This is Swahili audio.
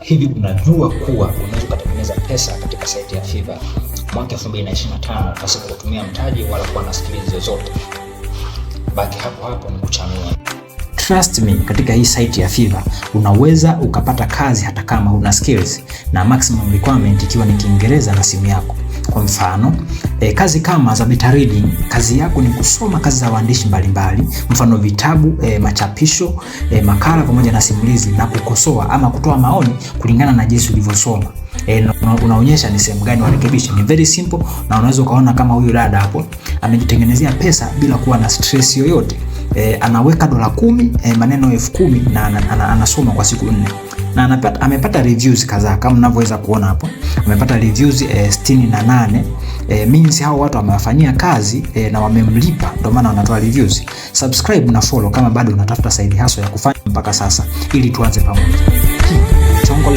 Hivi unajua kuwa unaweza ukatengeneza pesa katika saiti ya Fiverr mwaka 2025 pasipo kutumia mtaji wala kuwa na skills zozote? Baki hapo hapo, ni kuchanua. Trust me, katika hii site ya Fiverr unaweza ukapata kazi hata kama una skills na maximum requirement ikiwa ni Kiingereza na simu yako. Kwa mfano e, kazi kama za beta reading, kazi yako ni kusoma kazi za waandishi mbalimbali, mfano vitabu e, machapisho e, makala pamoja na simulizi na kukosoa ama kutoa maoni kulingana na jinsi ulivyosoma. E, unaonyesha ni sehemu gani warekebishe. Ni very simple na unaweza ukaona kama huyu dada hapo amejitengenezea pesa bila kuwa na stress yoyote. E, anaweka dola kumi e, maneno elfu kumi na anasoma ana, ana, ana kwa siku nne na anapata, amepata reviews kadhaa kama mnavyoweza kuona hapo, amepata reviews eh, sitini na nane eh, means hao watu wamewafanyia kazi eh, na wamemlipa, ndio maana wanatoa reviews. Subscribe na follow kama bado unatafuta side hustle ya kufanya mpaka sasa, ili tuanze pamoja.